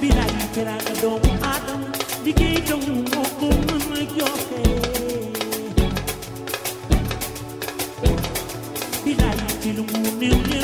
bilaay teraanga doomu aadama liggéey doomu moo ko mën a joxe bilaay ci lu mu néew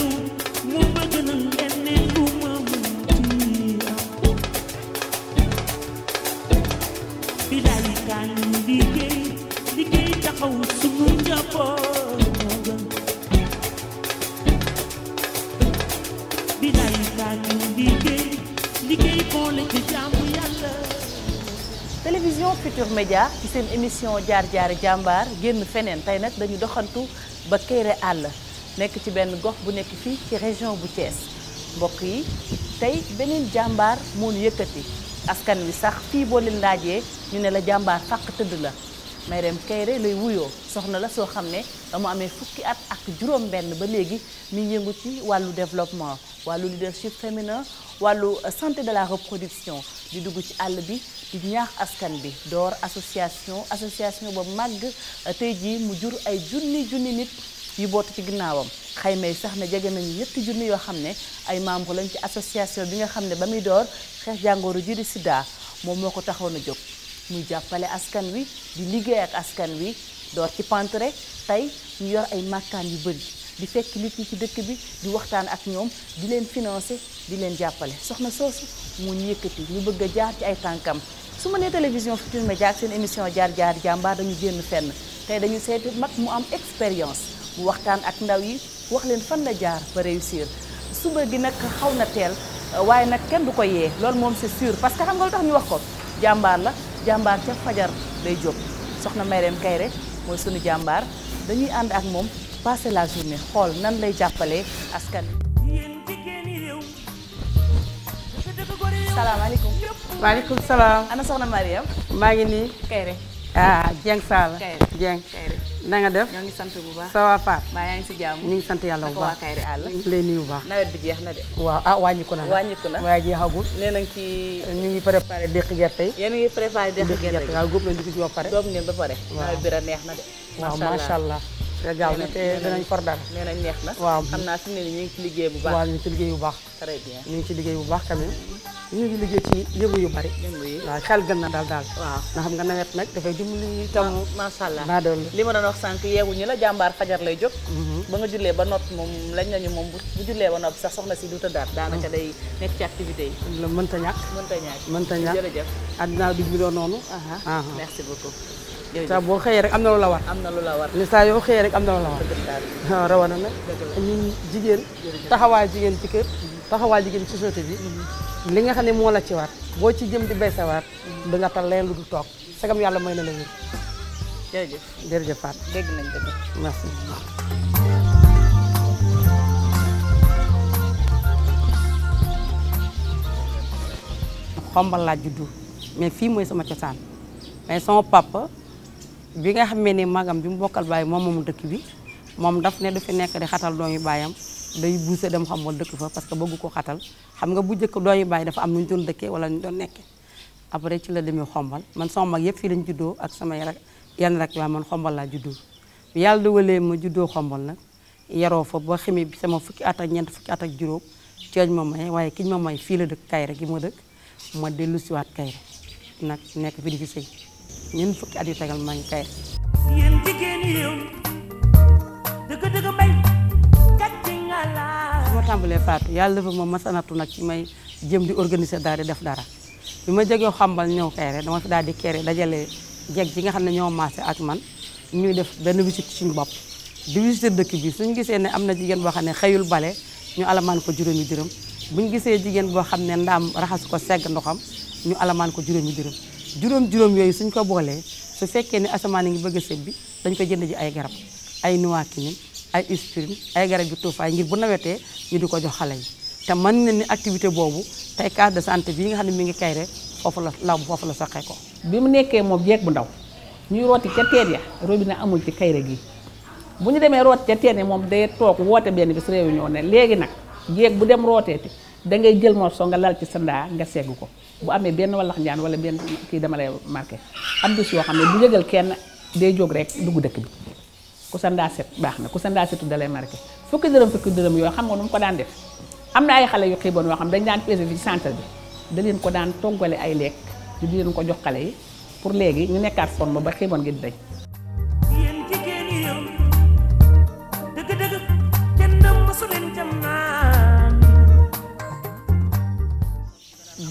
télévision Futur Média ci seen émission jaar-jaari jàmbaar génn feneen tey nag dañu doxantu ba Kéré àll nekk ci benn gox bu nekk fii ci région bu cees mbokk yi tey beneen jàmbaar moo ñu yëkkati askan wi sax fii boo leen laajee ñu ne la jàmbaar fàq tëdd la Mairème Kéré lay wuyoo soxna la soo xam ne dama amee fukki at ak juróom benn ba léegi mi yëngu ci wàllu développement wàllu leadership féminin wàllu santé de la reproduction di dugg ci àll bi di ñaax askan bi door association association ba màgg tey jii mu jur ay junni junni nit yu bootu ci ginnaawam xayma yi sax na jege nañu ñetti junni yoo xam ne ay membre lañ ci association bi nga xam ne ba muy door xeex jàngoro ji di sida moom moo ko taxoon a jóg muy jàppale askan wi di liggéey ak askan wi door ci pantre tey ñu yor ay màkkaan yu bëri di fekk nit ñi ci dëkk bi di waxtaan ak ñoom di leen financer di leen jàppale soxna soosu moo ñu yëkkati ñu bëgg jaar ci ay tànkam su ma nee télévision Futurs Médias ak seen émission jaar jaar jàmbaar dañu génn fenn tey dañu seeti mag mu am expérience bu waxtaan ak ndaw yi wax leen fan la jaar ba réussir suba gi nag xaw na teel waaye nag kenn du ko yee loolu moom c'est sûr parce que xam nga lu tax ñu wax ko jàmbaar la jàmbaar ca fajar lay jóg soxna Mayrem Kayre mooy sunu jàmbaar dañuy ànd ak moom passer la journée xool nan lay jàppalee askan salaamaaleykum. maaleykum salaam. ana soxna Mariam. maa ngi nii. Kayre. ah Dieng Sall. Kayre Dieng. Kayre na nga def. ñoo ngi sant bu baax. ça va Pape. maa yaa ngi si jàmm. ñu ngi sant yàlla bu baax Kayre àll. ñu ngi lay nuyu bu baax. nawet bi jeex na de. waaw ah wàññiku na. wàññiku na waaye jeexagul. nee nañ ci. ñu ngi préparé déq gerte yi. yéen a ngi préparé déq gerte yi déq gerte waaw góob nañu ko ci ba pare. góob ngeen ba pare. waaw nawet bi ra neex na de. macha allah waaw macha allah. dina gaaw na neex na waaw xam naa fi mu ne ñu ngi ci liggéey bu baax waaw ñu ngi ci liggéey bu baax très ñu ngi ci liggéey bu baax quand même ñu ngi liggéey ci yëngu yu bari waaw xel gën na daal daal waaw nga xam nga nawet nag dafay dimbali tam macha allah naa doon li ma doon wax sànq yeewu ñu la jàmbaar fajar lay jóg mhm. ba nga jullee ba noppi moom lañ nañu moom bu jullee ba noppi sax soxna si du tëddaat mhm. daanaka day nekk ci activité yi mënta ñàkk mënta ñàkk mënta ñàkk jërëjëf addinaa dig bi doon noonu merci beaucoup saa boo xëyee rek am na lu la war. am na lu la war li saa yoo xëyee rek am na lu la war. waaw ah, rawana nag ñun jigéen taxawaay jigéen ci kër mm-hmm. taxawaay jigéen ci société bi mm-hmm. li nga xam ne moo la ci war boo ci jëm di bay sa war mm-hmm. da nga tal leen lu du toog sagam yàlla may na la wér jërëjëf dégg nañ dëgg merci xombal laa juddu mais fii mooy sama cosaan mais sama papa bi nga xamee ne magam bi mu bokkal baay moom moomu dëkk bi moom daf ne fi nekk di xatal doomi baayam day buuse dem xamul dëkk fa parce que bëgg ko xatal xam nga bu njëkk doomi baay dafa am nu ñu doon dëkkee wala ñu doon nekkee après ci la demee xombal man sama mag yëpp fii lañ juddoo ak sama yar yenn rek waa man xombal laa juddoo yàlla dogalee ma juddoo xombal nag yaroo fa ba xamee bi sama fukki at ak ñeent fukki at ak juróom cooñ ma may waaye kiñ ma may fii la dëkk Kayra gi ma dëkk ma dellusiwaat Kayra nag nekk fi di fi ñeent fukki at yu tegal maa ngi kaye. yéen yàlla dafa ma masanatu nag ci may jëm di organiser daal di def dara bi ma jegee xambal ñëw kayre dama daal di kere dajale jeg ji nga xam ne ñoo maase ak man ñuy def benn visite suñu bopp. di visité dëkk bi suñu gisee ne am na jigéen boo xam ne xëyul bale ñu alamaan ko juróomi dërëm buñu gisee jigéen boo xam ne ndaam raxas ko segg ndoxam ñu alamaan ko juróomi dërëm. juróom-juróom yooyu suñ ko boolee su fekkee ne asamaan a ngi bëgg a bi dañ ko jënd ji ay garab ay nuwaakinin ay aspirine ay garab yu tuufaay ngir bu nawetee ñu di ko jox xale yi te mën na ni activité boobu tey case de santé bii nga xam ne mi ngi kay rek foofu la law bu la soqee ko bi mu nekkee moom jeeg bu ndaw ñuy root ca teen ya robine amul ci kayre gi bu ñu demee root ca teen ya moom day toog woote benn bis réunion ne léegi nag jéeg bu dem rooteeti da ngay jël moo morso nga lal ci sa ndaa nga segg ko bu amee benn wallax njaan wala benn kii dama lay marqué am bis yoo xam ne bu yëgal kenn day jóg rek dugg dëkk bi ku sa ndaaset baax na ku sa ndaasetu da lay marqué fukki dërëm fukki dërëm yooyu xam nga nu mu ko daan def am na ay xale yu xiiboon yoo xam dañ daan pesé fi centre bi da ko daan toggale ay lekk di leen ko jox xale yi pour léegi ñu nekkaat forme ba xiiboon gi di dañ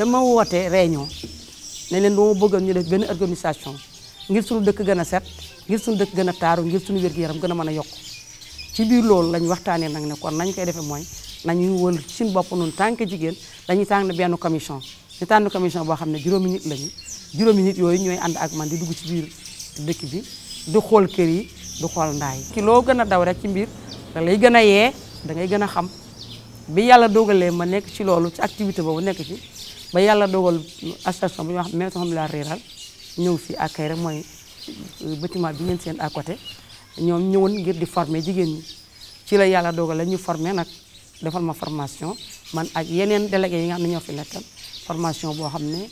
dama woote réunion ne leen dama bëggoon ñu def benn organisation ngir suñu dëkk gën a set ngir suñu dëkk gën a taaru ngir suñu wér-gu-yaram gën a mën a yokk ci biir loolu lañ waxtaanee nag ne kon nañ koy defee mooy nañuy wël suñu bopp noonu tant que jigéen dañuy tànn benn commission ñu tànn commission boo xam ne juróomi nit lañu juróomi nit yooyu ñooy ànd ak man di dugg ci biir dëkk bi di xool kër yi du xool ndaay ki loo gën a daw rek ci mbir da lay gën a yee da gën a xam bi yàlla dogalee ma nekk ci loolu ci activité boobu nekk ci ba yàlla dogal association bu ñuy wax maison familiale rurale ñëw fii ak Kairé mooy euh, bâtiment bi ngeen seen à côté ñoom ñëwoon ngir di former jigéen ñi ci la yàlla dogal la ñu former nag defal ma formation man ak yeneen délégué yi nga xam ne ñoo fi nekkal formation boo xam ne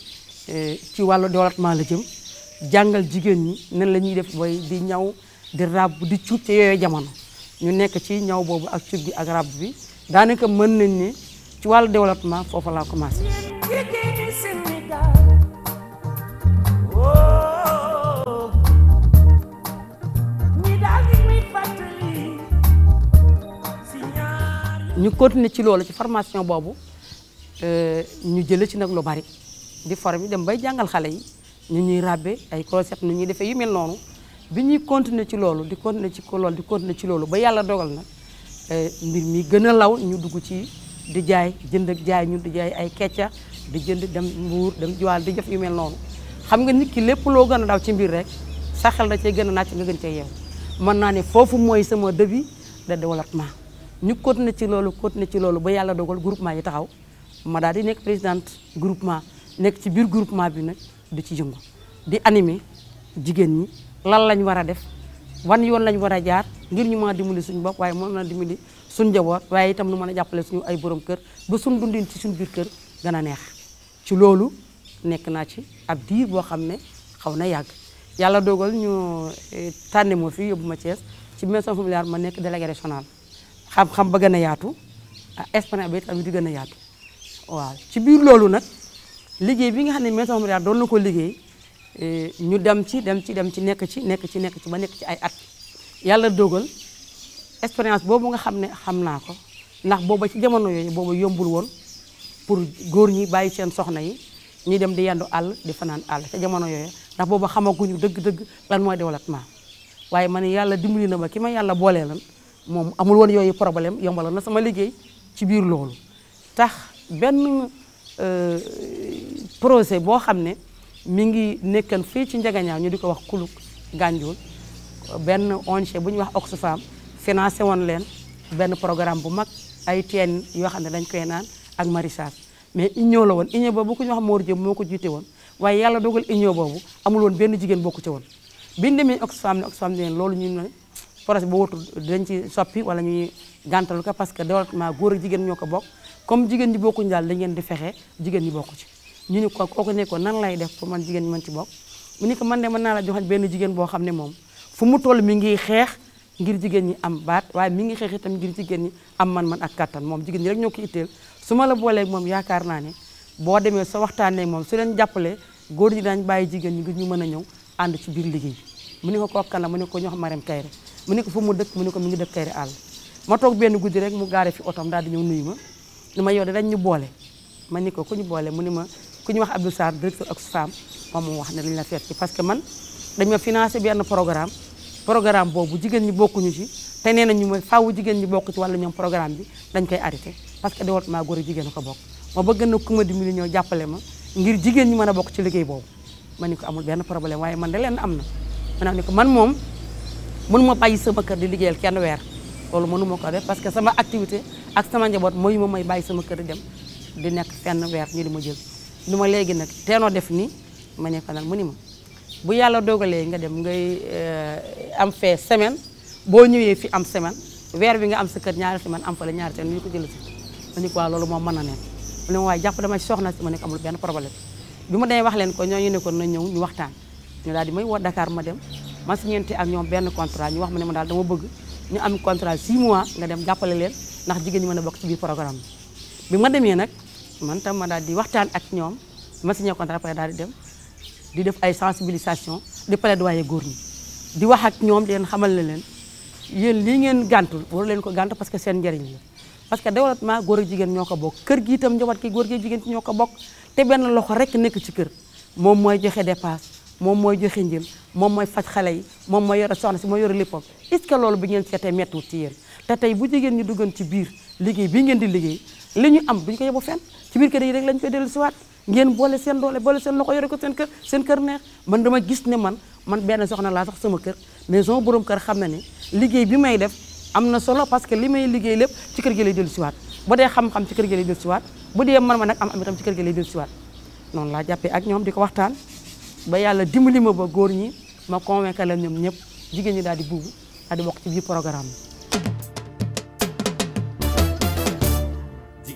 euh, ci wàllu développement la jëm jàngal jigéen ñi nan la ñuy def booy di ñaw di ràbb di cuub ci yooyu jamono ñu nekk ci ñaw boobu ak cuub bi ak ràbb bi daanaka mën nañ ne ci wàllu développement foofu laa commencé. ñu continuer ci loolu ci formation boobu euh, ñu jëlee ci nag lu bari di former dem bay jàngal xale yi ñu ñuy ràbbe ay concept nu ñuy defee yu mel noonu bi ñuy continuer ci loolu di continuer ci loolu di continuer ci loolu ba yàlla dogal na euh, mbir mi gën law ñu dugg ci. di jaay jënd jaay ñun di jaay ay kecca di jënd dem mbuur dem jiwaal di def yu mel noonu xam nga nit ki lépp loo gën a daw ci mbir rek sa xel da cay gën a naaj nga gën cee yeew mën naa ne foofu mooy sama début de développement ñu continuer ci loolu continuer ci loolu ba yàlla dogal groupement yi taxaw ma daal di nekk présidente groupement nekk ci biir groupement bi nag di ci yëngu di animer jigéen ñi lan lañ war a def wan yoon lañ war a jaar ngir ñu mën a suñu bopp waaye mën na dimbali suñ njaboot waaye itam nu mën a jàppale suñu ay borom kër ba suñ dundin ci suñ biir kër gën neex ci loolu nekk naa ci ab diir boo xam ne xaw na yàgg yàlla dogal ñu eh, tànne moo fi yóbbu ma Thiès ci maison familiale ma nekk délégué régional xam-xam ba gën a yaatu a ah, expérience bi itam di gën a yaatu waaw ci biir loolu nag liggéey bi nga xam ne maison familiale doon na ko liggéey eh, ñu dem ci dem ci dem ci nekk ci nekk ci nekk ci ba nekk ci ay at yàlla dogal expérience boobu nga xam ne xam naa ko ndax booba ci jamono yooyu booba yombul woon pour góor ñi bàyyi seen soxna yi ñuy dem di yendu àll di fanaan àll ca jamono yooyu ndax booba xamaguñu dëgg-dëgg lan mooy développement waaye man yàlla dimbali na ma ki ma yàlla boolee lan moom amul woon yooyu problème yombaloon na sama liggéey ci biir loolu tax benn euh, projet boo xam ne mi ngi nekkan fii ci Njagañaaw ñu di ko wax kuluk gànjul benn ONG bu ñuy wax Oxfam financé woon leen benn programme bu mag ay teen yoo ne dañ koy naan ak maraîchage mais union la woon union boobu ku ñu wax Mor Diop moo ko jiite woon waaye yàlla dogal union boobu amul woon benn jigéen bokku ci woon biñ demee Oxfam ne Oxfam ne loolu ñu ne projet bu wutul dañ ci soppi wala ñuy gàntal ko parce que développement góor ak jigéen ñoo ko bokk comme jigéen ñi bokkuñ daal dañ ngeen di fexe jigéen ñi bokku ci ñu ni ko kooku ne ko nan lay def pour man jigéen ñi man ci bokk mu ni ko man de mën naa la joxañ benn jigéen boo xam ne moom fu mu toll mi ngi xeex ngir jigéen ñi am baat waaye mi ngi xeex itam ngir jigéen ñi am man-man ak kattan moom jigéen ñi rek ñoo ko itteel su ma la booleeg moom yaakaar naa ne boo demee sa waxtaanee moom su leen jàppalee góor ñi daañ bàyyi jigéen ñi ngir ñu mën a ñëw ànd ci biir liggéey mu ne ko kokkan la mu ne ko ñoo xam Marème Kayre mu ne ko fu mu dëkk mu ne ko mi ngi dëkk Kayre àll ma benn guddi rek mu gaare fi otom daal di ñëw nuyu ma ni ma yow de dañ ñu boole ma ni ko ku ñu boole mu ni ma ku ñu wax Abdou Sarr directeur Oxfam moom mu wax ne dañ la feet ci parce que man dañ ma financé benn programme programme boobu jigéen ñi bokkuñu ci te nee nañu ma faaw jigéen ñi bokk ci wàllu ñoom programme bi dañ koy arrêté parce que développement góor jigéen ko bokk ma bëgg na ku ma dimbali ñëw jàppale ma ngir jigéen ñi mën a bokk ci liggéey boobu ma ni ko amul benn problème waaye man de leen am na maanaam ni ko man moom mënu ma bàyyi sama kër di liggéeyal kenn weer loolu mënu ma ko def parce que sama activité ak sama njaboot mooy ma may bàyyi sama kër di dem di nekk fenn weer ñu di ma jël lu ma léegi nag teenoo def nii ma ne ko nag mu ni ma bu yàlla dogalee nga dem ngay eh, am fee semaine boo ñëwee fi am semaine weer bi nga am sa kër ñaari semaine am fa la ñaari semaine ñu ko jël si ma loolu moom mën na nekk mu ne waaye jàpp ci soxna si ma nekk amul benn problème bi ma wax leen ko ñooñu ne ko na ñëw ñu waxtaan ñu daal di may woo ma dem ma signéente ak ñoom benn contrat ñu wax ma ma daal dama bëgg ñu am contrat mois nga dem jàppale leen ndax jigéen ñi mën a bokk ci biir programme bi ma demee nag man tam ma daal di waxtaan ak ñoom ma signé contrat après daal di dem di def ay sensibilisation di plaidoyer góor ñi di wax ak ñoom leen xamal na leen yéen lii ngeen gàntul waru leen ko gànt parce que seen njariñ la parce que développement góor ak jigéen ñoo ko bokk kër gi itam njaboot ki góor gi jigéen ci ñoo ko bokk te benn loxo rek nekk ci kër moom mooy joxe dépasse moom mooy joxe njëm moom mooy faj xale yi moom mooy yore soxna si mooy yore léppam est-ce que loolu bi ngeen seetee mettiwul ci yéen te tey bu jigéen ñi duggoon ci biir liggéey bii ngeen di liggéey li ñu am bu ñu ko yi rek lañ koy dellu siwaat ngeen boole seen doole boole seen loxo yore ko seen kër seen kër neex man dama gis ne man man benn soxna laa sax sama kër mais sama borom kër xam na ne liggéey bi may def am na solo parce que li may liggéey lépp ci kër gi lay dellu siwaat bu dee xam-xam ci kër gi lay dellu siwaat bu dee man ma nag am am ci kër gi lay dellu siwaat noonu laa jàppee ak ñoom di ko waxtaan ba yàlla dimbali ma ba góor ñi ma convaincre leen ñoom ñëpp jigéen ñi daal di buubu daal di bokk ci biir programme bi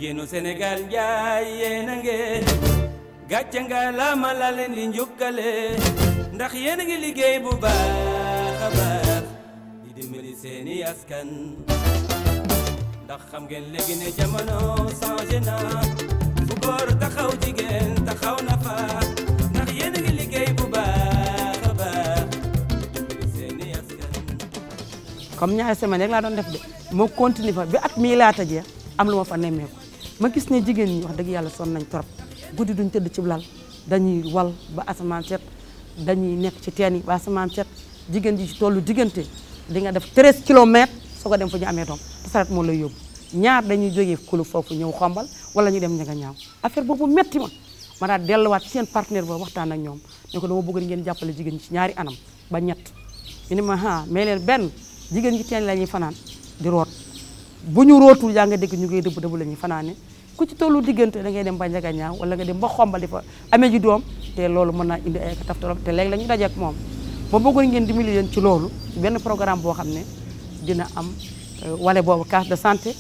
jigéenu Sénégal njaay yéen a ngeen gàcce nga laama la njukkale ndax yéen a ngi liggéey bu baax a baax di dimbali seeni askan ndax xam ngeen léegi ne jamono changé na fu góor taxaw jigéen taxaw na ndax yéen ngi liggéey bu baax a baax comme ñaari semaine rek doon def de moo continuer fa bi at mii laata jeex am lu ma fa nemmeeku ma gis ne jigéen ñi wax dëgg yàlla son nañ trop guddi ñu tëdd ci lal dañuy wal ba asamaan set dañuy nekk ci teen yi ba asamaan set jigéen ji ci tollu diggante di nga def 13 kilomètres soo ko dem fu ñu amee doom te saret moo lay yóbbu ñaar dañuy jógee kulu foofu ñëw xombal wala ñu dem ña nga ñaaw affaire boobu metti ma ma daal delluwaat seen partenaire boo waxtaan ak ñoom ne ko dama bëgg ngeen jàppale jigéen ñi ci ñaari anam ba ñett ñu ne ah, mais benn jigéen ñi teen la ñuy fanaan di root bu ñu rootul yaa ñu ngi dëbb dëbb la ñuy fanaane ku ci tollu diggante da ngay dem ba njaga ñaaw wala nga dem ba xombal di fa amee ji doom te loolu mën naa indi ay taftalam te léegi la ñu dajeek moom ba bëggoon ngeen dimbali leen ci loolu benn programme boo xam ne dina am euh, wale boobu carte de santé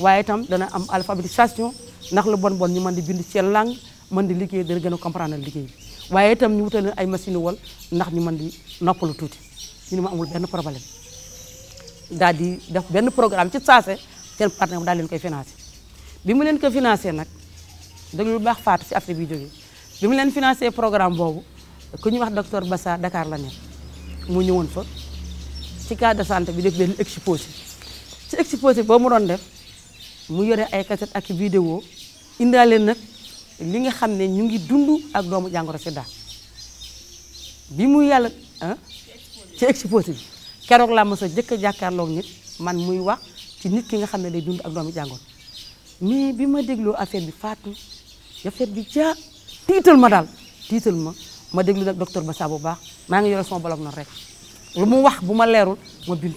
waaye tam dana am alphabétisation ndax lu bon bon ñu mën di bind seen langue mën di liggéey dana gën a comprendre liggéey bi waaye itam ñu wutal leen ay machine wal ndax ñu mën di noppalu tuuti ñu ma amul benn problème daal di def benn programme ci saase seen partenaire koy financé bi mu leen ko financé nag déglu lu baax faatu fi affaire bi jógee bi mu leen financé programme boobu ku ñuy wax docteur Bassa dakaar la nekk mu ñëwoon fa ci cas de santé bi def benn exposé ci exposé boo mu doon def mu yore ay cassette ak vidéo indaale nag li nga xam ne ñu ngi dund ak doomu jàngoro daal bi muy yàlla ah ci exposé bi keroog laa mos a jëkk a jàkkaarloog nit man muy wax ci nit ki nga xam ne day dund ak doomu jàngoro mais bi ma dégloo affaire bi faatu affaire bi caa tiital ma daal tiital ma ma déglu nag docteur Bassa bu baax maa ngi yore sama bolog noonu rek lu mu wax bu ma leerul ma bind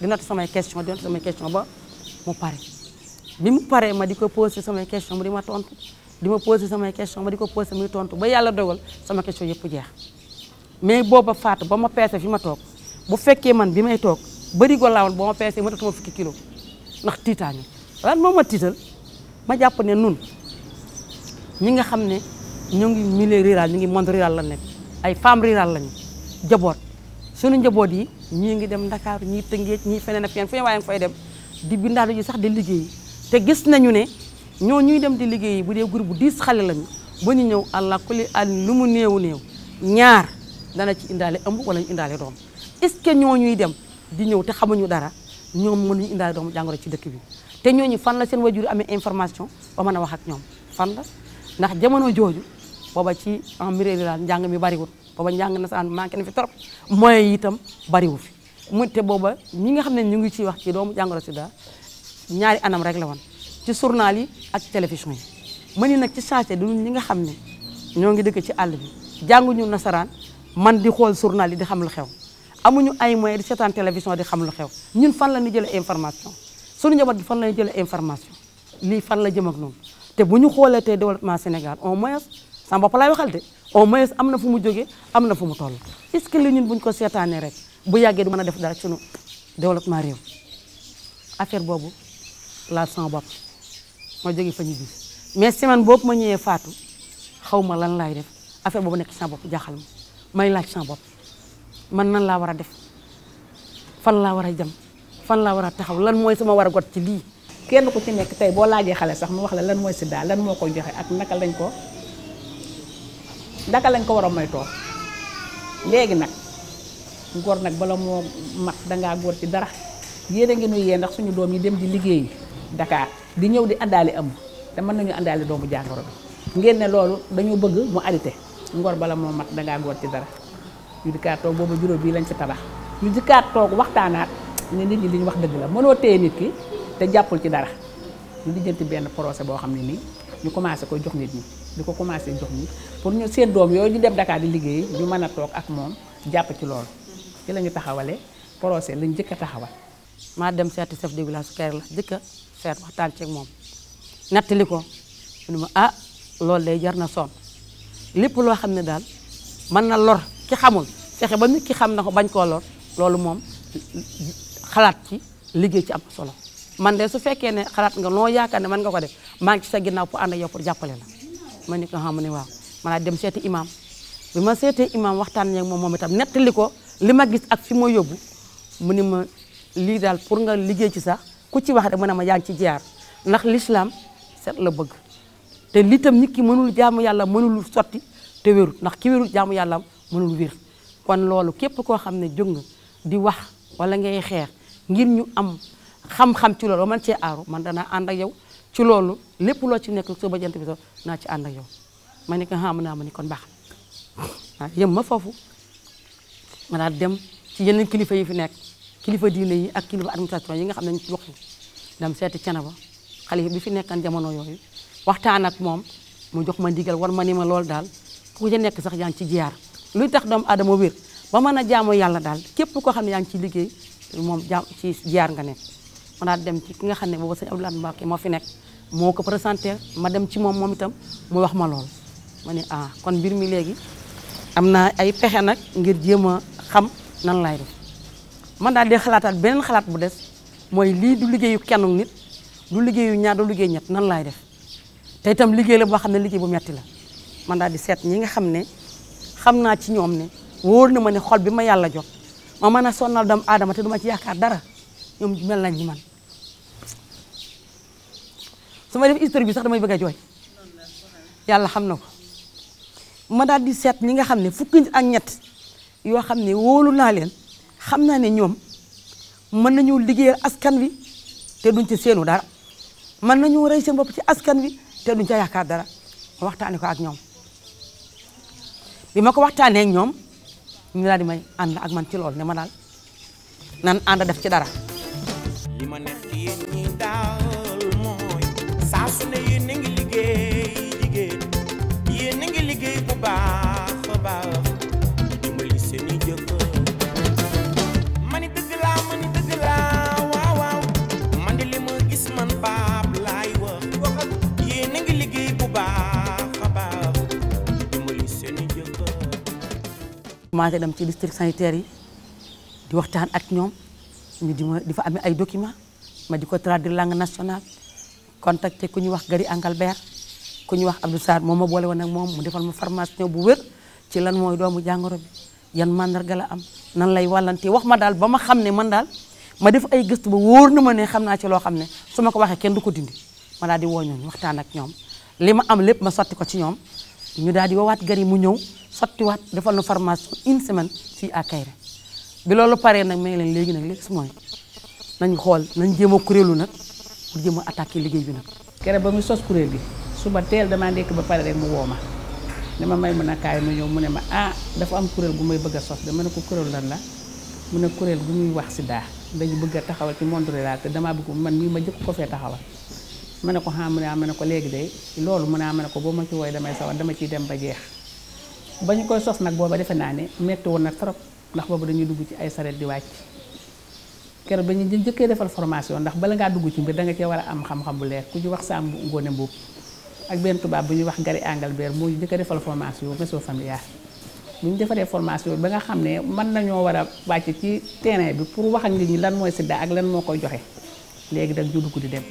dina ta samay question dina ta samay question ba mu pare bi mu paree ma di ko posé samay question di ma tontu di ma posé samay question ba di ko posé muy tontu ba yàlla dogal sama question yëpp jeex mais booba faatu ba ma peese fi ma toog bu fekkee man bi may toog bëri go laawoon boo ma peese ma tatuma fukki kilo ndax tiitaani lan moo ma tiital ma jàpp ne nun ñi nga xam ne ñoo ngi milieu rural ñu ngi monde rural la nekk ay femmes rural lañu jaboot suñu njaboot yi ñii ngi dem Dakar ñii Tëngéej ñi feneen ak feneen fu ñu waaye nga fay dem di bindaadu ji sax di liggéey te gis nañu ne ñoo ñuy dem di liggéey bu dee groupe bu diis xale lañu ba ñu ñëw àlla kuli àll lu mu néew néew ñaar dana ci indaale ëmb wala ñu indaale doom est ce que ñoo ñuy dem di ñëw te xamuñu dara ñoom mënuñu indaale doomu jàngoro ci dëkk bi te ñooñu fan la seen wajur amee information ba man a wax ñoom fan la ndax jamono jooju booba ci en milieu rural njàng mi bariwul booba njàng nasaraan manqué na fi trop moyens itam bariwu fi mu booba ñi nga xam ne ñu ngi ciy wax ci doomu jàngoro sida ñaari anam rek la woon ci journal yi ak ci yi ma nag ci sacé du ñi nga xam ne ñoo ngi dëkk ci àll bi ñu nasaraan man di xool journal yi di xam lu xew amuñu ay moyens di seetaan di xam lu xew ñun fan la ñu jëlee information su njaboot gi fan lay jëlee information lii fan la jëm ak noonu te bu ñu xoolee tey développement Sénégal au moins sama bopp laay waxal de au moins am na fu mu jógee am na fu mu toll est-ce que li ñun bu ñu ko seetaanee rek bu yàggee du mën a def dara suñu développement réew affaire boobu laal sama bopp ma jógee fa ñu gis mais semaine boobu ma ñëwee faatu xaw ma lan laay def affaire boobu nekk sama bopp jaaxal ma may laaj sama bopp man nan laa war a def fan laa war a jëm. fan laa war a taxaw lan mooy sama war a got ci lii kenn ku ci nekk tey boo laajee xale sax mu wax la lan mooy sida lan moo ko joxe ak naka lañ ko naka lañ ko war a moytoo léegi nag góor nag bala moo mat dangaa góor ci dara yéen a ngi nuy yee ndax suñu doom yi dem di liggéeyi Dakar di ñëw di àndaale am te mën nañu àndaale doomu jàngoro bi ngeen ne loolu dañoo bëgg mu arrêté ngor bala moo mat dangaa góor ci dara ñu dikkaat boobu juróom bii lañ ci tabax ñu dikkaat toog waxtaanaat ne nit ñi li ñu wax dëgg la mënoo téye nit ki te jàppul ci dara ñu lijjanti benn procès boo xam ne nii ñu commencé ko jox nit ñi di ko commencé jox nit pour ñu seen doom yooyu ñu dem Dakar di liggéey ñu mën a toog ak moom jàpp ci loolu ci la ñu taxawalee procès lañ njëkk a taxawal. maa dem seeti chef de village Kër la njëkk a seet waxtaan ceeg moom nattali ko mu ah, loolu day jar na sonn lépp loo xam ne daal mën na lor ki xamul fexe ba nit ki xam na ko bañ koo lor moom. xalaat ci liggéey ci am solo man de su fekkee ne xalaat nga loo yaakaar ne man nga ko def maa ngi ci sa ginnaaw pour ànd ak pour jàppale la ma ni ko xam ah, ne waaw maanaam dem seeti imaam bi ma seetee imaam waxtaan ñeeg moom moom itam nettali ko li ma gis ak fi ma yóbbu mu ni ma lii daal pour nga liggéey ci sax ku ci wax rek mu ne ma yaa ngi ci jaar ndax l'islam set la bëgg te lii tam nit ki mënul jaamu yàlla mënul sotti te wérul ndax ki wérul jaamu yàlla mënul wér kon loolu képp koo xam ne jóg nga di wax walla nga xeex ngir ñu am xam-xam ci loolu man cee aaru man danaa ànd ak yow ci loolu lépp loo ci nekk soo ba jant bi so naa ci ànd ak ma ah, ne ko ah, ma ne kon baax na waaw ah, yem ma foofu ma daal dem ci yeneen kilifa yi fi nekk kilifa diine yi ak kilifa administration yi nga xam ne ñu ci wax dem seeti Thiénaba yi bi fi an jamono yooyu waxtaan ak moom mu jox ma ndigal war ma ni ma lool daal ku ci nekk sax yaa ci jiyaar luy tax doomu aadama wér ba mën a jaamu yàlla daal képp koo xam ne yaa ngi ci liggéey moom jàmm ci jaar nga nekk ma daal dem ci ki nga xam ne booba sëñ Abdou Lahad Mbacké moo fi nekk moo ko présenté ma dem ci moom moom itam mu wax ma lool ma ne ah kon mbir mi léegi am naa ay pexe nag ngir jéem a xam nan lay def man daa di xalaataat beneen xalaat bu des mooy lii du liggéeyu kenn nit du liggéeyu ñaar du liggéey ñett nan laay def te itam liggéey la boo xam ne liggéey bu metti la man daal di seet ñi nga xam ne xam naa ci ñoom ne wóor na ma ne xol bi ma yàlla jox ma mën a sonal doomu aadama te duma ci yaakaar dara ñoom mel nañ ni man su ma def bi sax damay bëgg a jooy yàlla xam na ko ma daal di seet ñi nga xam ne fukki nit ak ñett yoo xam ne wóolu naa leen xam naa ne ñoom mën nañu liggéeyal askan wi te duñ ci seenu dara mën nañu rey seen bopp ci askan wi te duñ ca yaakaar dara ma waxtaane ko ak ñoom bi ma ko waxtaanee ak ñoom. ñu daal di may ànd ak man ci loolu ne ma daal nan ànd def ci dara. li ma neex commencé dem ci district sanitaire yi di waxtaan ak ñoom ñu di ma di fa ay document ma di ko traduire langue nationale contacté ku ñu wax Gary Engelbert ku ñu wax Abdou Sarr moom ma boole woon moom mu defal ma formation bu wér ci lan mooy doomu jàngoro bi yan mandarga la am nan lay wàllante wax ma daal ba ma xam ne man daal ma def ay gëstu ba wóor na ma ne xam naa ci loo xam ne su ma ko waxee kenn du ko dindi ma daal di woo ñooñu waxtaan ak ñoom lépp ma sotti ko ci ñoom ñu daal di woowaat mu ñëw sottiwaat defal na formation une semaine fii à Kayre bi loolu paree nag may leen léegi nag léegi su mooy nañ xool nañ jéem a kuréelu nag pour jéem a attaqué bi nag. keroog ba mu sos kuréel bi suba teel damaa nekk ba pare mu woo ma ne may mën a kaay ma ñëw mu ne ma ah dafa am kuréel gu may bëgg a sos dama ne ko kuréel lan la mu ne kuréel gu muy wax si daa dañu bëgg a taxawal ci monde rural te damaa bëgg man mii ma jëkk ko fee taxawal. ma ne ko xam ah, mu ne ah, ma ne ko léegi de loolu mu ne ah, ma ne ko boo ma ci woy damay sawar dama ciy dem ba jeex. ba ñu koy sos nag booba defe naa ne metti woon na trop ndax boobu dañuy dugg ci ay saret di wàcc keroog ba ñu jëkkee defal formation ndax bala ngaa dugg ci mbir danga nga cee war a am xam-xam bu leer ku ci wax Samb Ngone Mbuub ak benn tubaab bu ñuy wax gari Gary Engelbert moo jëkk a defal formation maison familiale bu ñu defaree formation ba nga xam ne mën nañoo war a wàcc ci terrain bi pour wax ak nit ñi lan mooy sida ak lan moo koy joxe léegi dag ñu dugg di dem.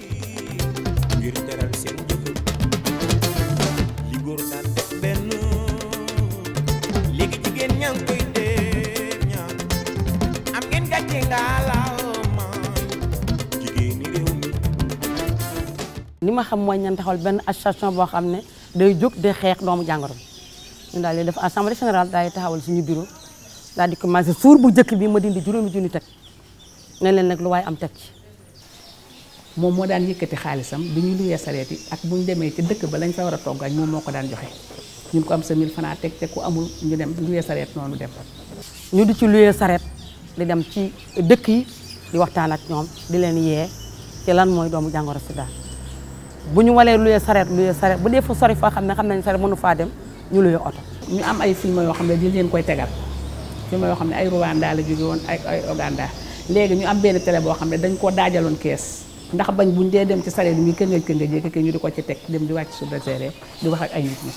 ma xam mooy ñan taxawal benn association boo xam ne day jóg de xeex doomu jàngoro bi ñun daal di def assemblée générale daal di taxawal suñu bureau daal di commencé suur bu jëkk bi ma dindi juróomi junni teg ne leen nag lu waaye am teg ci. moom moo daan yëkkati xaalisam bi ñu luyee sareet yi ak bu ñu demee ci dëkk ba lañ fa war a toggañ moom moo ko daan joxe ñun ko am sa 1000 teg te ku amul ñu dem luyee sareet noonu dem. ñu di ci luyee sareet di dem ci dëkk yi di waxtaan ak ñoom di leen yee ci lan mooy doomu jàngoro Sida. bu ñu walee luyee sareet luyee sareet bu dee fa sori foo xam ne xam nañ sareet mënu faa dem ñu luyee oto ñu am ay film yoo xam ne di leen koy tegal film yoo xam ne ay Rwanda la jóge woon ay ay Uganda léegi ñu am benn télé boo xam ne dañ koo daajaloon kees ndax bañ buñ dee dem ci sareet yi ñu këngaj këngaj yëkkati ñu di ko ci teg dem di wàcc su desere di wax ak ay nit ñi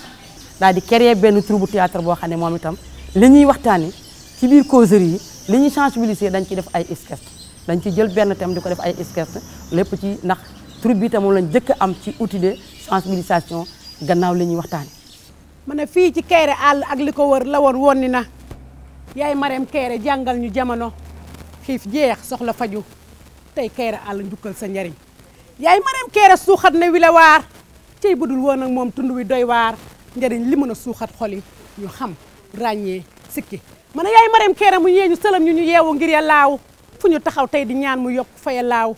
daal di créer benn troupe théâtre boo xam ne moom itam li ñuy waxtaani ci biir causerie yi li ñuy sensibiliser dañ ciy def ay sketch dañ ci jël benn thème di ko def ay sketch lépp ci ndax tur bi itam lañ jëkk am ci outil de sensibilisation gannaaw la waxtaan ma ne fii ci Kéré àll ak li ko wër la woon woon ni na yaay Marème Kéré jàngal ñu jamono xiif jeex soxla faju tey Kéré àll njukkal sa njariñ yaay Marème Kéré suuxat na wile waar cey budul woon ak moom tund wi doy waar njariñ li mën a suuxat xol yi ñu xam ràññee sikki ma ne yaay Marème Kéré mu ñee ñu sëlam ñu ñu yeewu ngir ya laaw fu ñu taxaw tey di ñaan mu yokk fa ya laaw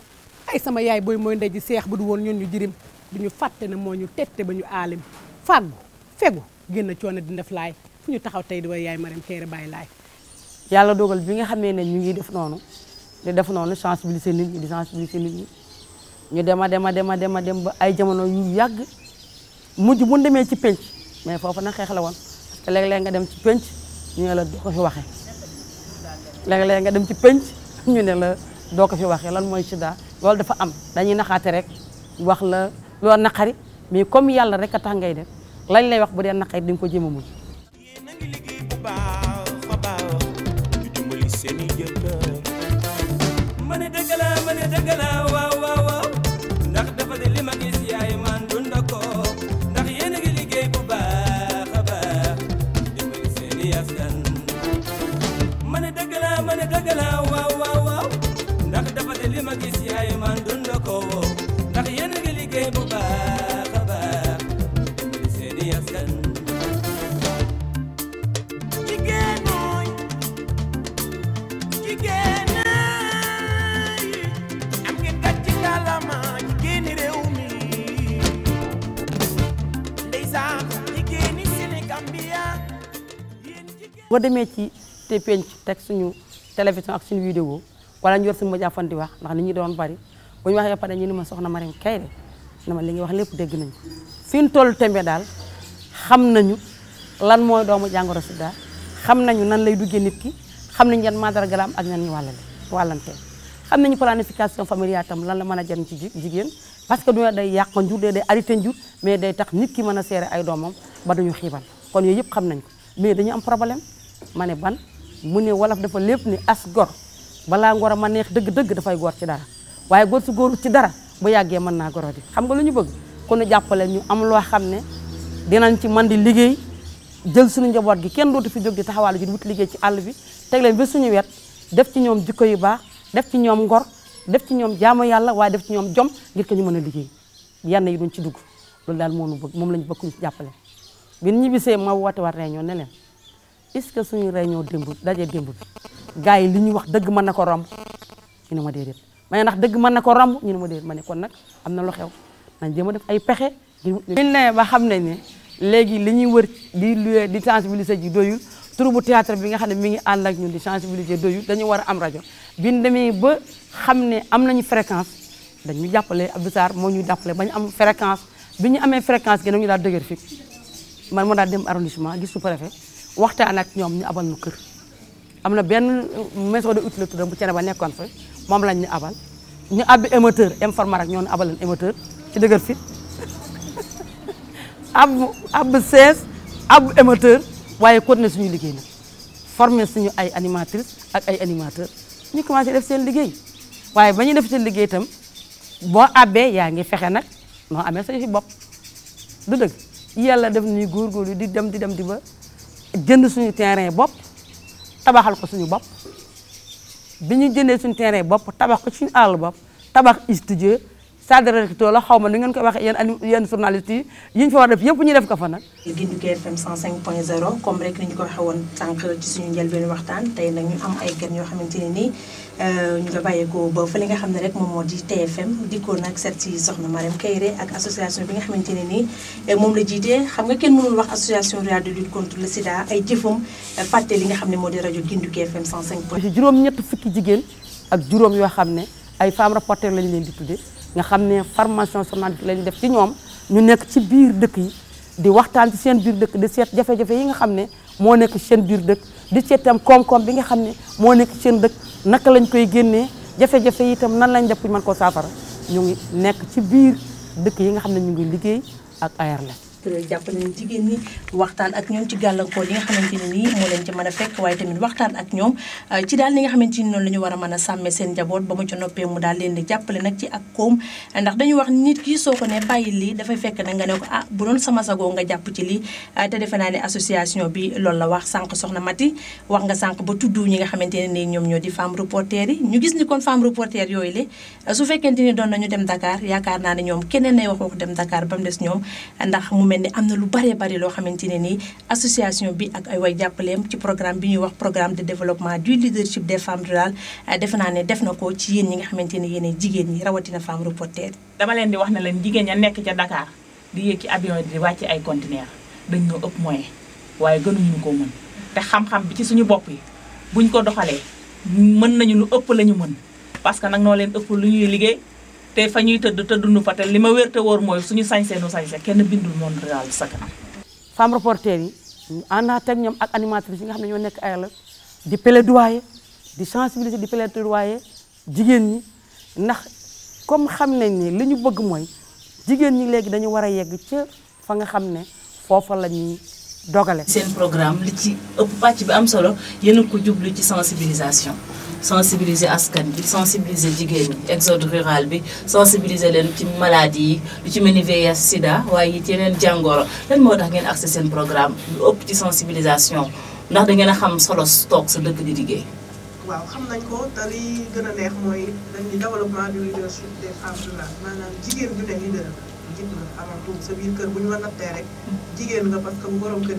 ay sama yaay booy mooy ndey ji seex bu du woon ñun ñu jirim ñu fàtte na moo ñu tette ba ñu aalim fàggu fegu génn coono di def laay fu ñu taxaw tey di way yaay maram keere bàyyi laay yàlla dogal bi nga xamee ne ñu ngi def noonu di def noonu sensibiliser nit ñi di sensibiliser nit ñi ñu dema dema dema dema dem ba ay jamono yu yàgg mujj bu demee ci penc mais foofu na xeex la woon te que léeg nga dem ci penc ñu ne la doo ko fi waxee léeg-léeg nga dem ci penc ñu ne la doo ko fi waxee lan mooy sida loolu dafa am dañuy naxaate rek wax la loo naqari mais comme yàlla rek a tax ngay def lañ lay wax bu dee naqari di nga ko jéem a muñ ma ne dëgg la ma ne dëgg la waaw boo demee ci te penc teg suñu télévision ak suñu vidéo wala ñu yor suñu média fan di wax ndax nit ñi doon bari bu ñu waxee ba pare ñu ni ma soxna Marième Kairé dama li nga wax lépp dégg nañu fi ñu toll tembe daal xam nañu lan mooy doomu jàngoro sida xam nañu nan lay duggee nit ki xam nañu yan mandarga la ak nan ñu wàllale wàllantee xam nañu planification familiale tam lan la mën a jëm ci jigéen parce que duñu day yàq njur de arrêté njur mais day tax nit ki mën a seere ay doomam ba duñu xiibal kon yooyu yëpp xam nañ ko dañu am problème ma ne ban mu ne wolof dafa lépp ni as gor balaa ngor a ma neex dëgg-dëgg dafay gor ci dara waaye gor su góorut ci dara bu yàggee mën naa goro di xam nga lu ñu bëgg kon nu jàppale ñu am loo xam ne dinañ ci man di liggéey jël suñu njaboot gi kenn dootu fi jóg di ji wut liggéey ci àll bi teg leen suñu wet def ci ñoom jikko yu baax def ci ñoom ngor def ci ñoom jaamu yàlla waaye def ci ñoom jom ngir ko ñu mën a liggéey yenn yi duñ ci dugg loolu daal moo nu bëgg moom lañu bëgg ñu jàppale bi ñibbisee ma woote waat réunion ne est-ce que suñu réunion démb daje démb bi gars yi li ñuy wax dëgg mën na ko romb ñu ma déedéet ma ne ndax dëgg mën na ko romb ñu ne ma déedéet ma ne kon nag am na lu xew nañ jéem a def ay pexe. ñu ne ba xam nañ ne léegi li ñuy wër di luwe di sensibiliser ji doyul tur bu bi nga xam ne mi ngi ànd ak ñun di sensibiliser doyul dañu war a am rajo bi ñu demee ba xam ne am nañu fréquence dañu jàppale Abdou Sarr moo ñu jàppale ba ñu am fréquence bi ñu amee fréquence gi nag ñu daal dëgër fi man moo daal dem arrondissement gis sous-préfet waxtaan ak ñoom ñu abal ñu kër am na benn maison de outil la tudd bu cene ba nekkoon fa moom lañ ñu abal ñu abbi émetteur informar ak ñoon abal leen émetteur ci dëgër fit ab ab sees ab émetteur waaye continuer suñu liggéey nag former suñu ay animatrice ak ay animateur ñu commencé def seen liggéey waaye ba ñuy def seen liggéey itam boo abe yaa ngi fexe nag noo amee sa fi bopp du dëgg yàlla def ñuy góorgóorlu di dem di dem di ba jënd suñu terrain bopp tabaxal ko suñu bopp bi ñu jëndee suñu terrain bopp tabax ko suñu àll bopp tabax studio salle de rédaction la xaw ma nu ngeen koy waxee yéen ani yéen fa war a def yëpp ñu def ko fa nag. Gindiku FM 105.0 comme rek ni ñu ko waxee woon sànq ci suñu njëlbeen waxtaan tey nag ñu am ay gan yoo xamante ne nii euh, ñu nga bàyyeekoo li nga xam ne rek moom moo di TFM dikkoon nag seet si soxna Marème Kayre ak association bi nga xamante ne nii euh, moom la jiite xam nga kenn mënul wax association rurale de lutte contre le sida ay jëfam euh, fàtte li nga xam ne moo di rajo Gindiku FM 105.0. juróom-ñett fukki jigéen ak juróom yoo xam ne ay femmes reporters lañ leen di tuddee nga xam ne formation sementique lañ def ci ñoom ñu nekk ci biir dëkk yi di waxtaan ci seen biir dëkk di seet jafe-jafe yi nga xam ne moo nekk seen biir dëkk di seet itam koom-koom bi nga xam ne moo nekk seen dëkk naka lañ koy génnee jafe-jafe yi itam nan lañ def pour mën koo saafara ñu ngi nekk ci biir dëkk yi nga xam ne ñu ngi liggéey ak ARL e jàpp nañu jigéen ñi waxtaan ak ñoom ci gàllankoor yi nga xamante ne nii moo leen ci mën a fekk waaye tamit waxtaan ak ñoom euh, ci daal nga xamante ni noonu la ñu war a mën a sàmmee seen njaboot ba mu ci noppee mu leen di jàppale nag ci ak koom ndax dañu wax nit ki soo ko ne bàyyi lii dafay fekk nag nga ne ko ah bu doon sama sagoo nga jàpp ci lii euh, te defe naa ne association bi loolu la wax sànq soxna Mati wax nga sanq ba tudd ñi nga xamante ne nii ñoom ñoo di femme reporter yi ñu gis ni kon femme reporter yooyu le su fekkente ni doon nañu dem dakaar yaakaar naa ne ñoom keneen nay wax wax dem Dakar ba mu des ñoom ndax mu mel ni am na lu baree bari loo xamante ne nii association bi ak ay way jàppaleem ci programme bi ñuy wax programme de développement du leadership de femmes rurales eh, defe naa ne def na ko ci yéen ñi nga xamante ni yeneen jigéen ñi rawatina femme reporter dama leen di wax na leen jigéen ña nekk ca Dakar di yéeg ci avion di wàcc ay conteneur dañ ñoo ëpp moyen waaye gënuñu ko mën te xam-xam bi ci suñu bopp yi buñ ko doxalee mën nañu lu ëpp la ñu mën parce que nag lu ñuy liggéey te fa ñuy tëdd tëddunu fa te li ma wér woor wóor mooy suñu sañsee nu sañsee kenn bindul monde rural sa kanam. femme reporter yi ànd ak ñoom ak animatrice yi nga xam ne ñoo nekk ay la di plaidoyer di sensibiliser di plaidoyer jigéen ñi ndax comme xam nañ ni li ñu bëgg mooy jigéen ñi léegi dañu war a yegg ca fa nga xam ne foofa la ñuy dogale. seen programme li ci ëpp pàcc bi am solo yéen ko jublu ci sensibilisation. sensibiliser askan bi sensibiliser jigéen ñi exode rural bi sensibiliser leen ci maladie yi lu ci mel ni sida waaye it yeneen jàngoro lan moo tax ngeen accès seen programme lu ëpp ci sensibilisation ndax da ngeen a xam solo toog sa dëkk di liggéey. waaw xam nañ ko te li gën a neex mooy dañuy développement du leadership des femmes rurales maanaam jigéen ju ne leader la jiit na avant tout sa biir kër bu ñu la nattee rek hmm. jigéen nga parce que bu borom kër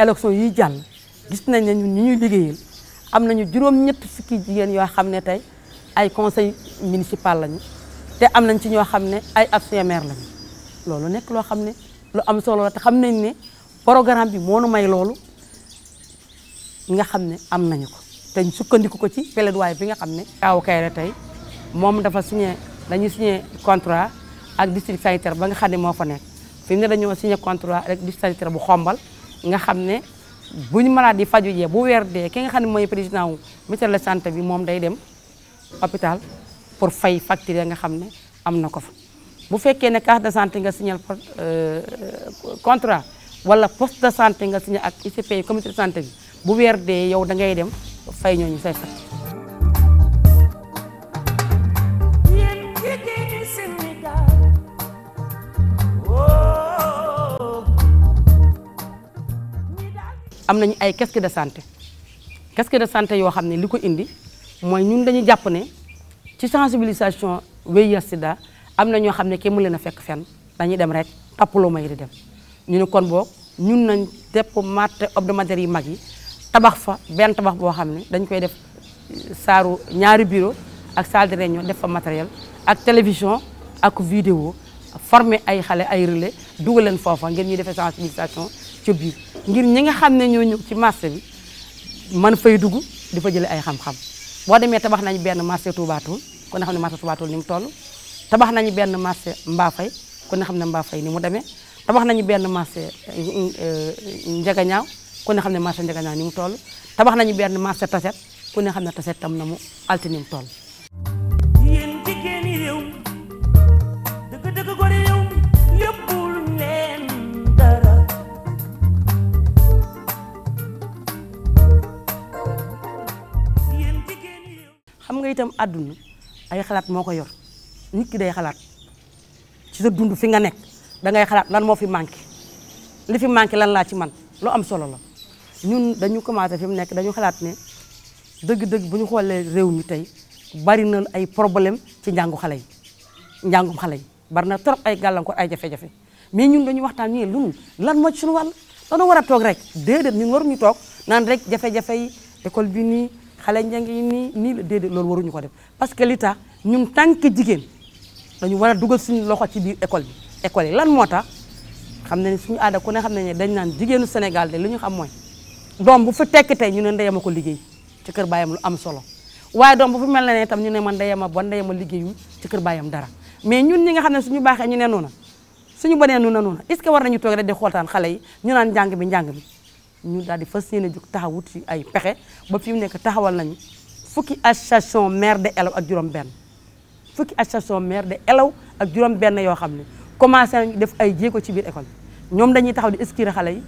élection yi jàll gis nañ ne ñun ñi ñuy liggéeyal am nañu juróom ñett fukki jigéen yoo xam ne tey ay conseil municipal lañu te am nañ ci ñoo xam ne ay adjoint maire lañu loolu nekk loo xam ne lu am solo la te xam nañ ne programme bi moo nu may loolu nga xam ne am nañu ko te sukkandiku ko ci plaidoyer bi nga xam ne. Kaaw Kayre tey moom dafa signé dañuy signé contrat ak district sanitaire ba nga xam ne moo fa nekk fi mu ne dañoo signé contrat rek district bu xombal. nga xam ne bu ñu malade yi faju jee bu weer dee ki nga xam ne mooy président wu mutuelle de santé bi moom day dem hôpital pour fay facture nga xam ne am na ko fa bu fekkee ne carte de santé nga signé euh, euh, contrat wala poste de santé nga signé ak ICP comité de santé bi bu weer dee yow da ngay dem fay ñooñu say facture am nañu ay casque de santé casque de santé yoo xam ne li ko indi mooy ñun dañu jàpp ne ci sensibilisation VIH sida am na ñoo xam ne kenn mu leen a fekk fenn dañuy dem rek papilloma yi di dem ñu ne kon boog ñun nañ tepp marché hebdomadaire yi mag yi tabax fa benn tabax boo xam ne dañ koy def euh, saaru ñaari bureau ak salle de def fa matériel ak télévision ak vidéo former ay xale ay relais dugal leen foofa ngeen ñuy defe sensibilisation ca ngir ñi nga xam ne ñoo ñëw ci marché bi man fay dugg di fa jëlee ay xam boo demee tabax nañ benn marché Touba kon nga xam ne marché Touba Toul ni toll tabax nañu benn marché Mbafay kon nga xam ne Mbafay ni mu demee tabax nañu benn marché euh, Njagañaaw kon nga xam ne marché Njagañaaw ni mu toll tabax nañu benn marché Taset ku ne xam ne Taset tam na mu alti ni mu toll itam àdduna ay xalaat moo ko yor nit ki day xalaat ci sa dund fi nga nekk dangay ngay xalaat lan moo fi manqué li fi manqué lan laa ci man loo am solo la ñun dañu commencé fi mu nekk dañu xalaat ne dëgg-dëgg bu ñu xoolee réew mi tey bari na ay problème ci njàngu xale yi njàngum xale yi bari na trop ay gàllankoor ay jafe-jafe mais ñun dañu waxtaan ñu ne lan moo ci suñu wàll war a toog rek déedéet ñun waruñu toog naan rek jafe-jafe école bi nii xale ña ni nii nii la déedéet loolu ko def parce que li tax ñun tànk jigéen dañu war a dugal suñu loxo ci biir école bi école yi lan moo tax xam ne suñu aada ku ne xam ne dañ naan jigéenu Sénégal de li ñu xam mooy doom bu fi tekki tey ñu ne ndeyam a ko liggéey ci kër baayam lu am solo waaye doom bu fi mel ñu ne man ndeyam a bon ndeyam a liggéeyul ci kër dara mais ñun ñi nga xam ne suñu baaxee ñu ne noona suñu bonee noona noona est ce que war nañu toog rek di xooltaan xale yi ñu naan njàng bi njàng bi ñu daal di fas yéene jug taxawut ci ay pexe ba fi mu nekk taxawal nañu fukki association maire de élèves ak juróom-benn fukki association maire de élèves ak juróom-benn yoo xam ne commencé nañu def ay jéego ci biir école ñoom dañuy taxaw di inscrire xale yi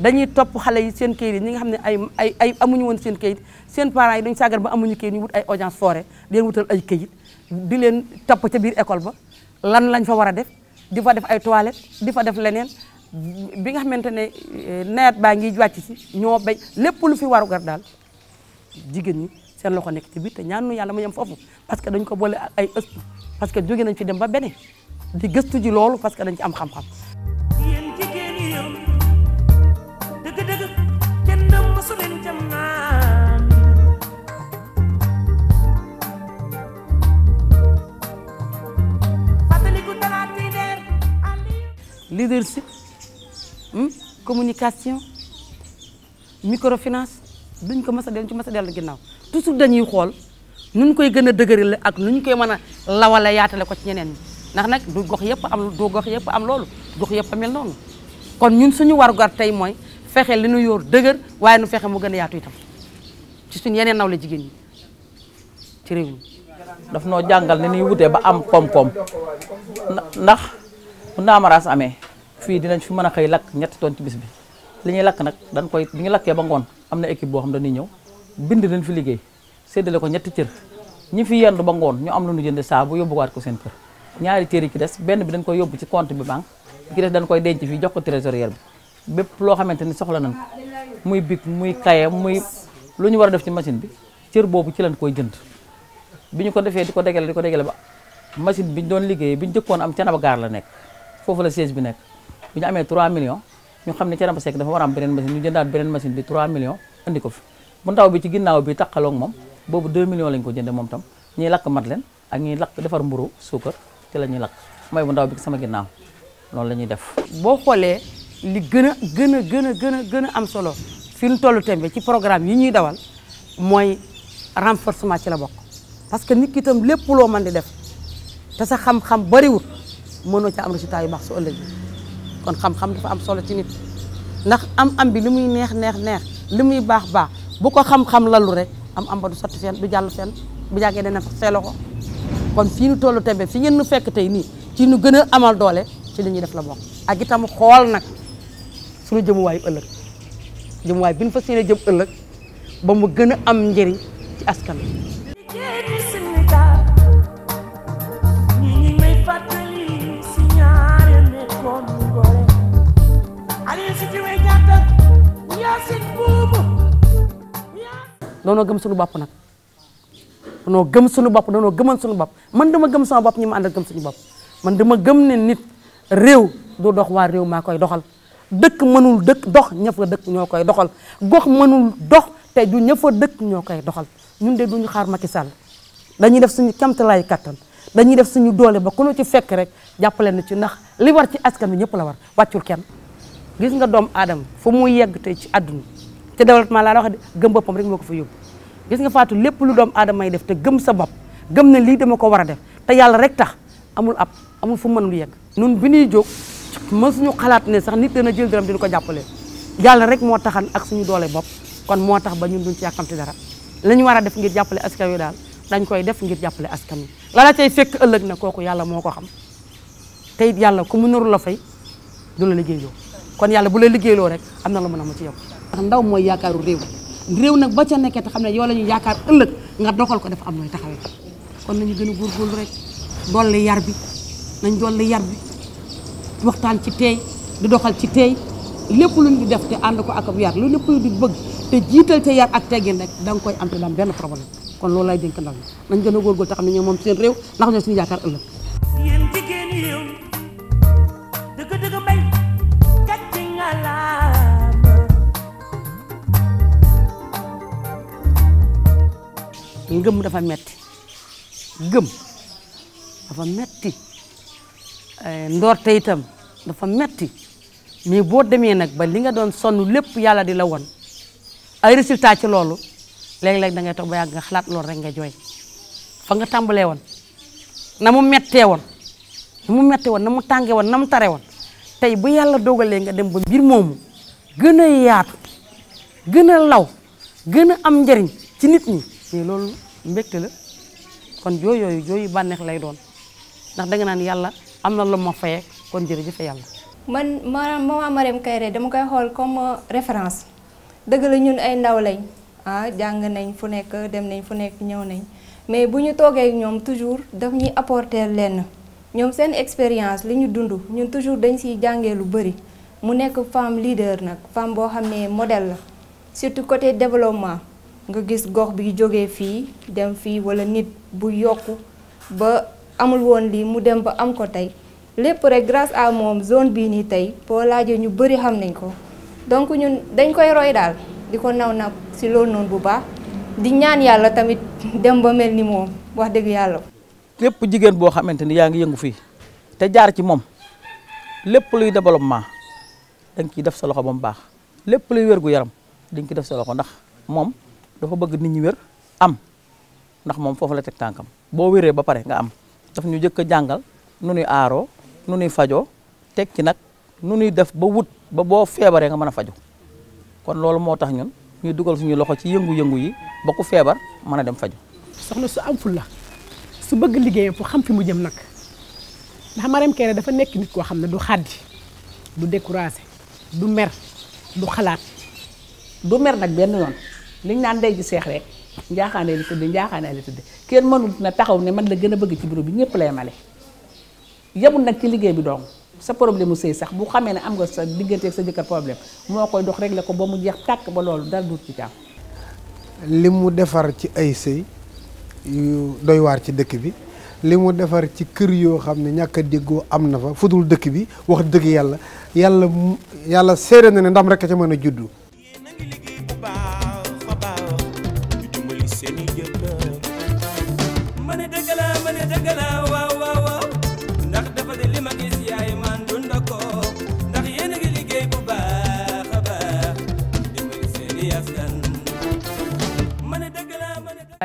dañuy topp xale yi seen kayit yi nga xam ne ay ay ay amuñu woon seen kayit seen parents yi dañu saagar ba amuñu kayit ñu wut ay audience forêt di wutal ay kayit di leen topp ca biir école ba lan lañ fa war a def di fa def ay toilettes di fa def leneen bi nga xamante ne euh, nawet baa ngi wàcc si ñoo béy lépp lu fi warugar daal jigéen ñi seen loxo nekk ci biir te ñaanu yàlla mu yem foofu parce que dañ ko boole ay ëpp parce que jóge nañ fi dem ba beneen di gëstu ji loolu parce que dañ ci am xam-xam. leadership Hmm? communication microfinance duñ ko mës a dellu ci mës a dellu ginnaaw toujours dañuy xool nuñ koy gën a dëgëral ak ñu koy mën a lawale yaatale ko ci ñeneen ñi ndax nag du gox yëpp am du gox yëpp am loolu gox yëpp a mel noonu kon ñun suñu warugar tey mooy fexe li nu yoor dëgër waaye nu fexe mu gën a yaatu itam ci suñu yeneen nawle jigéen ñi ci réew mi daf noo jàngal ni ñuy wutee ba am koom-koom ndax bu ndaamaraas amee fii dinañ fi mën a xëy lakk ñetti toon ci bi li ñuy lakk nag dañ koy bi ñu lakkee ba ngoon am na équipe boo xam dañuy ñëw bind leen fi liggéey séddale ko ñetti cër ñi fi yendu ba ngoon ñu am lu ñu jënd saabu yóbbuwaat ko seen kër ñaari cër yi ci des benn bi dañ koy yóbbu ci compte bi banque bi dañ koy denc fii jox ko trésorière bi bépp loo xamante ni soxla nañ ko muy bic muy kaye muy lu ñu war a def ci machine bi cër boobu ci lañ koy jënd bi ñu ko defee di ko degale di ko degale ba machine bi ñu doon liggéeyee bi ñu jëkkoon am canaba gaar la nekk foofu la siège bi nekk bu ñu amee 3 millions ñu xam ne Thiénaba Seck dafa war a am beneen machine ñu jëndaat beneen machine bi 3 millions andi ko fi bu ndaw bi ci ginnaaw bi taqaloog moom boobu 2 millions lañ ko jënde moom tam ñuy lakk mat leen ak ñuy lakk defar mburu suukar ci la ñuy lakk mooy bu ndaw sama ginnaaw loolu la ñuy def boo xoolee li gën a gën a gën a gën a gën a am solo fi ñu tollu tembe ci programme yi ñuy dawal mooy renforcement ci la bokk parce que nit ki itam lépp loo man di def te sa xam-xam bariwul mënoo ca am résultat yu baax su ëllëg kon xam-xam dafa am solo ci nit ndax am-am bi lu muy neex neex neex li muy baax baax bu ko xam-xam lalu rek am-am ba du sotti fenn du jàll fenn bu jàggee dana fa seelo ko kon fii nu tollu tembe fi ngeen nu fekk tey nii ci nu gën a amal doole ci li ñuy def la bokk ak itam xool nag suñu jëmuwaayu ëllëg jëmuwaay bi ñu fas yéene jëm ëllëg ba mu gën a am njëriñ ci askan doonoo gëm suñu bopp nag doonoo gëm sunu bopp doonoo gëmal suñu bopp man dama gëm sama bopp ñi ma àndal gëm suñu bopp man dama gëm ne nit réew du dox waa réew maa koy doxal dëkk mënul dëkk dox ña dëkk ñoo koy doxal gox mënul dox te du ña fa dëkk ñoo koy doxal ñun de duñu xaar Macky Sall dañuy def suñu kamtalaay kattan dañuy def suñu doole ba ku nu ci fekk rek jàppale na ci ndax li war ci askan wi ñëpp la war wàccul kenn gis nga doom aadama fu muy yegg tey ci àdduna te développement laa la wax de gëm boppam rek moo ko fa yóbbu gis nga faatu lépp lu doom aadama yi def te gëm sa bopp gëm na lii dama ko war a def te yàlla rek tax amul ab amul fu mënul yegg nun bi ñuy jóg mësuñu xalaat ne sax nit dana jël dërëm dina ko jàppale yàlla rek moo taxan ak suñu doole bopp kon moo tax ba ñun duñ ci yàkkamti dara la war a def ngir jàppale askan wi daal dañ koy def ngir jàppale askan wi la la cay fekk ëllëg na kooku yàlla moo ko xam te yàlla ku mu narul la fay du la liggéeyloo kon yàlla bu la liggéeyloo rek am na lu mën a mu ci yow ndaw mooy yaakaaru réew réew nag ba ca nekkee te xam ne yow la ñu yaakaar ëllëg nga doxal ko dafa am nooy taxawee kon nañu gën a góorgóorlu rek dolli yar bi nañ dolli yar bi waxtaan ci teey di doxal ci teey lépp luñ di def te ànd ko ak ab yar lu lépp lu di bëgg te jiital te yar ak teggin rek da koy am te dam benn problème kon loolu lay dénk ndaw ñi nañ gën a góorgóorlu te xam ne ñoom moom seen réew ndax ñoo suñu yaakaar ëllëg ngëm dafa metti gëm dafa metti eh, ndoorte itam dafa metti mais boo demee nag ba li nga doon sonn lépp yàlla di la won ay résultat ci loolu léeg-léeg dangay ngay toog ba yàgg nga xalaat loolu rek nga jooy fa nga tàmbalee woon na mu mettee woon na mu mettee woon na mu tàngee woon na mu tare woon tey bu yàlla dogalee nga dem ba mbir moomu gën a yaatu gën a law gën a am njëriñ ci nit ñi mais loolu mbégte la kon jooy yooyu jooyu bànneex lay doon ndax danga naan yàlla am na lu ma fayee kon jërëjëf yàlla. man ma maman Marième Kairé dama koy xool comme référence dëgg la ñun ay ndaw lañ ah jàng nañ fu nekk dem nañ fu nekk ñëw nañ mais bu ñu toogee ñoom toujours daf ñuy apporter lenn ñoom seen expérience li ñu dund ñun toujours dañ siy jàngee lu bëri mu nekk femme leader nag femme boo xam ne modèle la surtout côté développement. nga gis gox bi jógee fii dem fii wala nit bu yokk ba amul woon lii mu dem ba am ko tey lépp rek grâce à moom zone bii nii tey boo laajee ñu bëri xam nañ ko donc ñun dañ koy roy daal di ko naw na si loolu noon bu baax di ñaan yàlla tamit dem ba mel ni moom wax dëgg yàlla. lépp jigéen boo xamante ni yaa ngi yëngu fii te jaar ci moom lépp luy développement da nga ciy def sa loxo ba mu baax lépp luy wérgu yaram dañ ciy def sa loxo ndax moom. dafa bëgg nit ñi wér am ndax moom foofu la teg tànkam boo wéree ba pare nga am daf ñu jëkk a jàngal nu nuy aaroo nu nuy fajoo teg ci nag nu nuy def ba wut ba boo feebaree nga mën a faju kon loolu moo tax ñun ñuy dugal suñuy loxo ci yëngu-yëngu yi ba ku feebar mën a dem faju soxna su am fulla su bëgg liggéeyam fu xam fi mu jëm nag ndax Marième Kairé dafa nekk nit koo xam ne du xaddi du découragé du mer du xalaat du mer nag benn yoon liñ naan ndey ji seex rek njaaxaanee li tudde njaaxaanee li tudde kenn mënul na taxaw ne man la gën a bëgg ci bureau bi ñëpp lay male yemul nag ci liggéey bi doom sa problème mu sëy sax bu xamee ne am nga sa digganteeg sa jëkkër problème moo koy dox la ko ba mu jeex tàkk ba loolu dal duut ci jàmm. li mu defar ci ay sëy yu doy waar ci dëkk bi li mu defar ci kër yoo xam ne ñàkk déggoo am na fa fudul dëkk bi wax dëgg yàlla yàlla yàlla seere na ne ndam rek mën a juddu.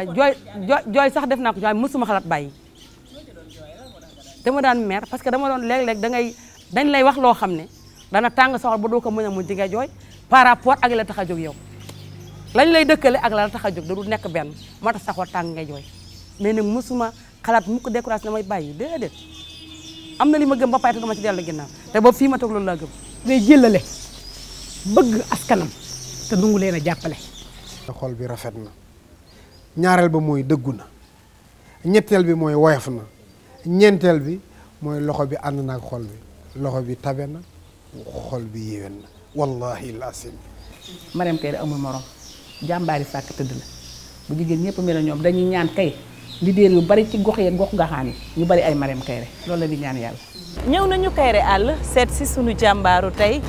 jooy jooy sax def naa ko jooy mësuma xalaat bay dama daan mer parce que dama doon léeg-léeg da ngay dañ lay wax loo xam ne dana tàng soxal ba doo ko mën a muñ di jooy par rapport ak la tax a jóg yow lañ lay dëkkale ak la tax a jóg da du nekk benn moo tax saxoo tàng ngay jooy mais nag mësuma xalaat mukk découragé damay bàyyi déedéet am na li ma gëm ba pare te ma ci dellu ginnaaw te boobu fii ma toog loolu laa gëm day jëlale bëgg askanam te dungu leen a bi rafet na ñaareel ba mooy dëggu na ñetteel bi mooy woyof na ñeenteel bi mooy loxo bi ànd na ak xol bi loxo bi tabe na xol bi yéwén na wallahi lasim Mariam Kairé amul moroom jàmbaari sàkk tëdd la bu jigéen ñëpp mel ñoom dañuy ñaan kay leader yu bari ci gox yeeg gox gaxaan yi ñu bari ay Mariam Kairé loolu la di ñaan yàlla. ñëw nañu Kairé àll seet si sunu jàmbaaru tey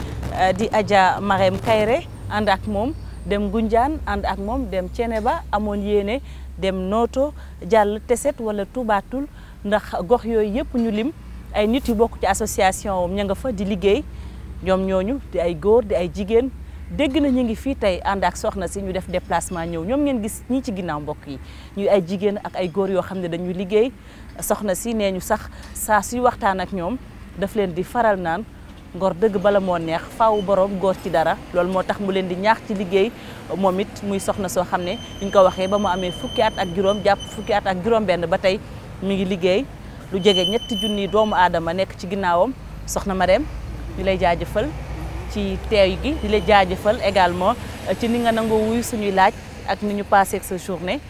di Adja Mariam Kairé ànd ak moom. dem Ngoundiane ànd ak moom dem Thiénaba amoon yéene dem Noto jàll Teset wala tubaatul ndax gox yooyu yëpp ñu lim ay nit yu bokk ci association wam ña nga fa di liggéey ñoom ñooñu di ay góor di ay jigéen dégg na ñu ngi fii tey ànd ak soxna si ñu def déplacement ñëw ñoom ngeen gis ñii ci ginnaaw mbokk yi ñu ay jigéen ak ay góor yoo xam ne dañuy liggéey soxna si nee ñu sax saa si waxtaan ak ñoom daf leen di faral naan ngor dëgg bala moo neex faaw borom góor ci dara loolu moo tax mu leen di ñaax ci liggéey moom it muy soxna soo xam ne ñu ko waxee ba mu amee fukki at ak juróom jàpp fukki at ak juróom benn ba tey mu ngi liggéey lu jege ñetti junni doomu aadama nekk ci ginnaawam soxna ma dem di lay jaajëfal ci teew gi di lay jaajëfal également ci ni nga nangoo wuyu suñuy laaj ak ni ñu passé ak sa journée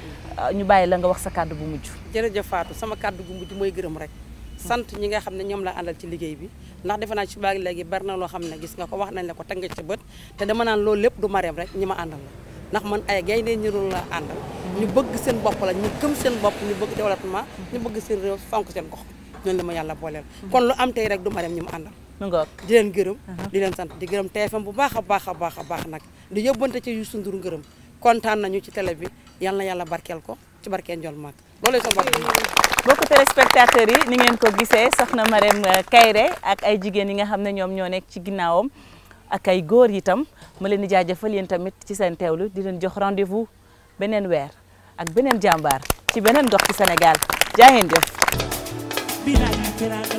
euh, ñu bàyyi la nga wax sa kàddu bu mujj jërëjëf Fatou sama kàddu bu mooy gërëm rek sant ñi nga xam ne ñoom la àndal ci liggéey bi ndax defe naa ci baagi léegi bari na loo xam ne gis nga ko wax nañ la ko te nga ci bët te dama naan loolu lépp du mareem rek ñi ma àndal la ndax man ay gaynde ñu la àndal ñu bëgg seen bopp la ñu seen bopp ñu bëgg développement ñu bëgg seen fonk seen gox ñooñu la ma yàlla booleel kon lu am tey rek du mareem ñi ma àndal di leen gërëm di leen sant di gërëm TFM bu baax a baax a baax a baax nag di yóbbante ci Youssou Ndour ngërëm kontaan nañu ci télé bi yal na yàlla barkeel ko ci barkeel njol maag loolay sama mbokku yi ni ngeen ko gisee soxna Marème euh, Kairé ak ay jigéen yi nga xam ne ñoom ñoo nekk ci ginnaawam ak ay góor itam ma leen di jëfal yéen tamit ci seen teewlu di leen jox rendez-vous beneen weer ak beneen jàmbaar ci beneen gox ci Sénégal jaa jëf.